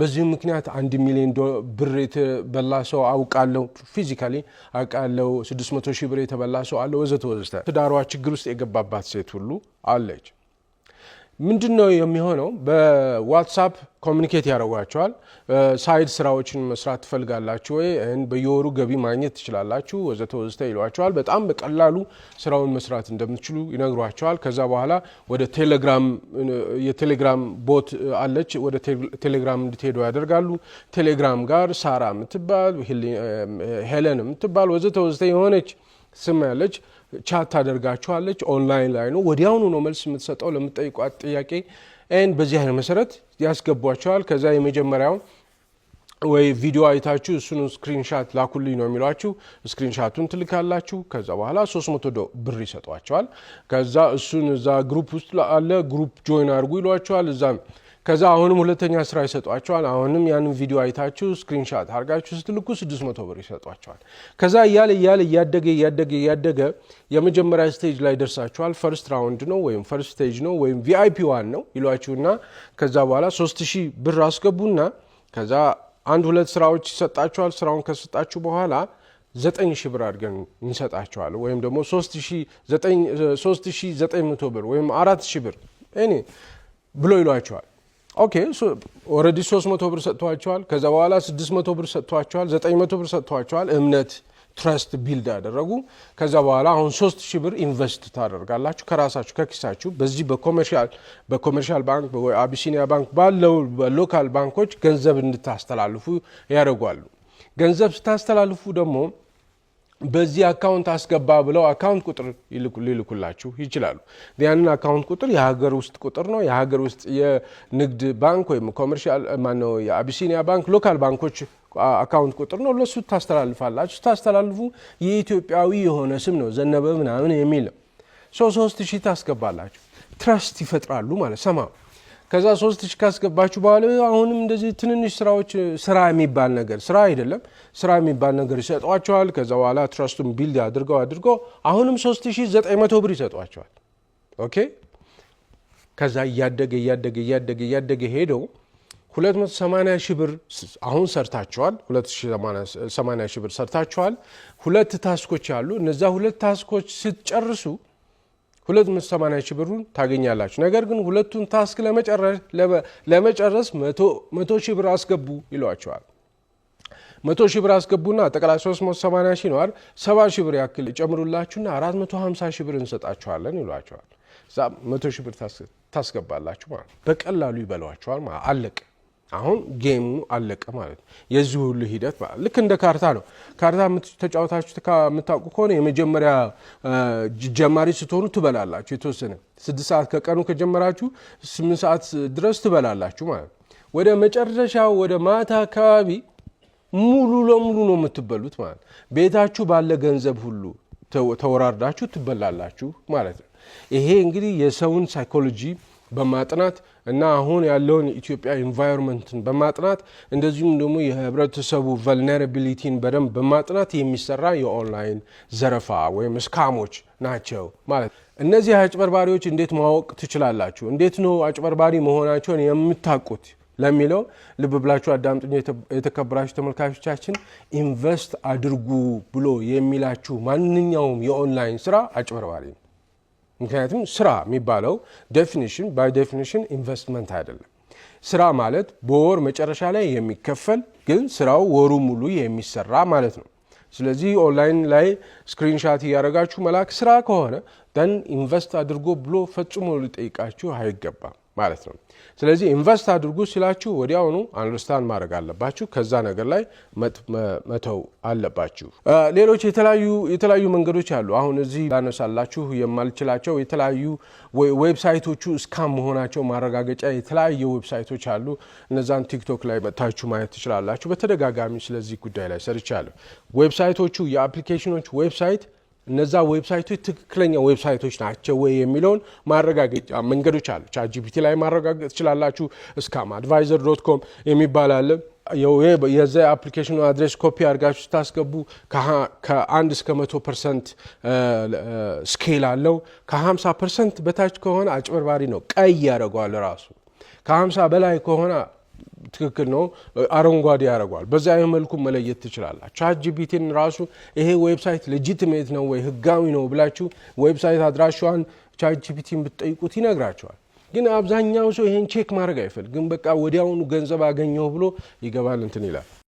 በዚህም ምክንያት አንድ ሚሊዮን ብር የተበላ ሰው አውቃለሁ፣ ፊዚካሊ አውቃለሁ። 600 ሺህ ብር የተበላ ሰው አለ፣ ወዘተ ወዘተ። ትዳሯ ችግር ውስጥ የገባባት ሴት ሁሉ አለች። ምንድን ነው የሚሆነው? በዋትሳፕ ኮሚኒኬት ያደርጓቸዋል። ሳይድ ስራዎችን መስራት ትፈልጋላችሁ ወይ በየወሩ ገቢ ማግኘት ትችላላችሁ ወዘተ ወዘተ ይሏቸዋል። በጣም በቀላሉ ስራውን መስራት እንደምትችሉ ይነግሯቸዋል። ከዛ በኋላ ወደ ቴሌግራም የቴሌግራም ቦት አለች። ወደ ቴሌግራም እንድትሄዱ ያደርጋሉ። ቴሌግራም ጋር ሳራ የምትባል ሄለን የምትባል ወዘተ ወዘተ የሆነች ስም ያለች ቻት ታደርጋችኋለች። ኦንላይን ላይ ነው። ወዲያውኑ ነው መልስ የምትሰጠው ለምትጠይቋት ጥያቄ ን በዚህ አይነት መሰረት ያስገቧቸዋል። ከዛ የመጀመሪያውን ወይ ቪዲዮ አይታችሁ እሱን ስክሪንሻት ላኩልኝ ነው የሚሏችሁ። ስክሪንሻቱን ትልካላችሁ። ከዛ በኋላ 300 ብር ይሰጧቸዋል። ከዛ እሱን እዛ ግሩፕ ውስጥ አለ ግሩፕ ጆይን አድርጉ ይሏቸዋል እዛም ከዛ አሁንም ሁለተኛ ስራ ይሰጧቸዋል። አሁንም ያንን ቪዲዮ አይታችሁ ስክሪንሻት አርጋችሁ ስትልኩ 600 ብር ይሰጧቸዋል። ከዛ እያለ እያለ እያደገ እያደገ እያደገ የመጀመሪያ ስቴጅ ላይ ደርሳችኋል። ፈርስት ራውንድ ነው ወይም ፈርስት ስቴጅ ነው ወይም ቪአይፒ ዋን ነው ይሏችሁና ከዛ በኋላ 3000 ብር አስገቡና ከዛ አንድ ሁለት ስራዎች ይሰጣችኋል። ስራውን ከሰጣችሁ በኋላ ዘጠኝ ብር አድርገን እንሰጣቸዋል ወይም ደግሞ 3900 መቶ ብር ወይም 4000 ብር እኔ ብሎ ይሏቸዋል። ኦኬ ኦረዲ 300 ብር ሰጥቷቸዋል። ከዛ በኋላ 600 ብር ሰጥቷቸዋል። 900 ብር ሰጥቷቸዋል። እምነት ትረስት ቢልድ ያደረጉ ከዛ በኋላ አሁን 3000 ብር ኢንቨስት ታደርጋላችሁ ከራሳችሁ ከኪሳችሁ በዚህ በኮመርሻል ባንክ ወይ አቢሲኒያ ባንክ ባለው በሎካል ባንኮች ገንዘብ እንድታስተላልፉ ያደርጓሉ። ገንዘብ ስታስተላልፉ ደግሞ በዚህ አካውንት አስገባ ብለው አካውንት ቁጥር ሊልኩላችሁ ይችላሉ። ያንን አካውንት ቁጥር የሀገር ውስጥ ቁጥር ነው። የሀገር ውስጥ የንግድ ባንክ ወይም ኮመርሻል ማነው የአቢሲኒያ ባንክ፣ ሎካል ባንኮች አካውንት ቁጥር ነው። ለሱ ታስተላልፋላችሁ። ስታስተላልፉ የኢትዮጵያዊ የሆነ ስም ነው ዘነበ ምናምን የሚል ነው። ሶ ሶስት ሺህ ታስገባላችሁ። ትረስት ይፈጥራሉ ማለት ሰማ ከዛ ሶስት ሺ ካስገባችሁ በኋላ አሁንም እንደዚህ ትንንሽ ስራዎች ስራ የሚባል ነገር ስራ አይደለም ስራ የሚባል ነገር ይሰጧቸዋል። ከዛ በኋላ ትራስቱን ቢልድ አድርገው አድርገው አሁንም ሶስት ሺ ዘጠኝ መቶ ብር ይሰጧቸዋል። ኦኬ ከዛ እያደገ እያደገ እያደገ እያደገ ሄደው 280 ሺህ ብር አሁን ሰርታችኋል። 280 ሺህ ብር ሰርታችኋል። ሁለት ታስኮች አሉ። እነዛ ሁለት ታስኮች ስትጨርሱ 280 ሺህ ብሩን ታገኛላችሁ። ነገር ግን ሁለቱን ታስክ ለመጨረስ መቶ ሺህ ብር አስገቡ ይሏቸዋል። መቶ ሺህ ብር አስገቡና ጠቅላይ 380 ሺህ ነው 70 ሺህ ብር ያክል ጨምሩላችሁና 450 ሺህ ብር እንሰጣችኋለን ይሏቸዋል። እዛ መቶ ሺህ ብር ታስገባላችሁ ማለት በቀላሉ ይበሏቸዋል ማለት አለቅ አሁን ጌሙ አለቀ ማለት ነው። የዚህ ሁሉ ሂደት ልክ እንደ ካርታ ነው። ካርታ ተጫወታችሁ የምታውቁ ከሆነ የመጀመሪያ ጀማሪ ስትሆኑ ትበላላችሁ። የተወሰነ ስድስት ሰዓት ከቀኑ ከጀመራችሁ ስምንት ሰዓት ድረስ ትበላላችሁ ማለት ነው። ወደ መጨረሻ ወደ ማታ አካባቢ ሙሉ ለሙሉ ነው የምትበሉት ማለት ነው። ቤታችሁ ባለ ገንዘብ ሁሉ ተወራርዳችሁ ትበላላችሁ ማለት ነው። ይሄ እንግዲህ የሰውን ሳይኮሎጂ በማጥናት እና አሁን ያለውን ኢትዮጵያ ኢንቫይሮንመንትን በማጥናት እንደዚሁም ደግሞ የህብረተሰቡ ቨልነራቢሊቲን በደንብ በማጥናት የሚሰራ የኦንላይን ዘረፋ ወይም ስካሞች ናቸው ማለት እነዚህ አጭበርባሪዎች እንዴት ማወቅ ትችላላችሁ? እንዴት ነው አጭበርባሪ መሆናቸውን የምታውቁት ለሚለው ልብ ብላችሁ አዳምጡኝ። የተከበራችሁ ተመልካቾቻችን፣ ኢንቨስት አድርጉ ብሎ የሚላችሁ ማንኛውም የኦንላይን ስራ አጭበርባሪ ነው። ምክንያቱም ስራ የሚባለው ዴፊኒሽን ባይ ዴፊኒሽን ኢንቨስትመንት አይደለም። ስራ ማለት በወር መጨረሻ ላይ የሚከፈል ግን ስራው ወሩ ሙሉ የሚሰራ ማለት ነው። ስለዚህ ኦንላይን ላይ ስክሪንሻት እያደረጋችሁ መላክ ስራ ከሆነ ደን ኢንቨስት አድርጎ ብሎ ፈጽሞ ሊጠይቃችሁ አይገባም። ማለት ነው። ስለዚህ ኢንቨስት አድርጉ ሲላችሁ ወዲያውኑ አንደርስታንድ ማድረግ አለባችሁ። ከዛ ነገር ላይ መተው አለባችሁ። ሌሎች የተለያዩ መንገዶች አሉ። አሁን እዚህ ላነሳላችሁ የማልችላቸው የተለያዩ ዌብሳይቶቹ እስካም መሆናቸው ማረጋገጫ የተለያየ ዌብሳይቶች አሉ። እነዛን ቲክቶክ ላይ መታችሁ ማየት ትችላላችሁ። በተደጋጋሚ ስለዚህ ጉዳይ ላይ ሰርቻለሁ። ዌብሳይቶቹ የአፕሊኬሽኖች ዌብሳይት እነዛ ዌብሳይቶች ትክክለኛ ዌብሳይቶች ናቸው ወይ የሚለውን ማረጋገጫ መንገዶች አሉ። ቻጂፒቲ ላይ ማረጋገጥ ትችላላችሁ። እስካም አድቫይዘር ዶት ኮም የሚባል አለ። አፕሊኬሽኑ አድሬስ ኮፒ አድርጋችሁ ስታስገቡ ከአንድ እስከ መቶ ፐርሰንት ስኬል አለው። ከ50 ፐርሰንት በታች ከሆነ አጭበርባሪ ነው፣ ቀይ ያደርገዋል ራሱ። በላይ ከሆነ ትክክል ነው። አረንጓዴ ያደርገዋል። በዛ መልኩ መለየት ትችላላችሁ። ቻት ጂፒቲን ራሱ ይሄ ዌብሳይት ሌጂትሜት ነው ወይ ህጋዊ ነው ብላችሁ ዌብሳይት አድራሻዋን ቻት ጂፒቲን ብትጠይቁት ይነግራቸዋል። ግን አብዛኛው ሰው ይሄን ቼክ ማድረግ አይፈልግም። በቃ ወዲያውኑ ገንዘብ አገኘው ብሎ ይገባል እንትን ይላል።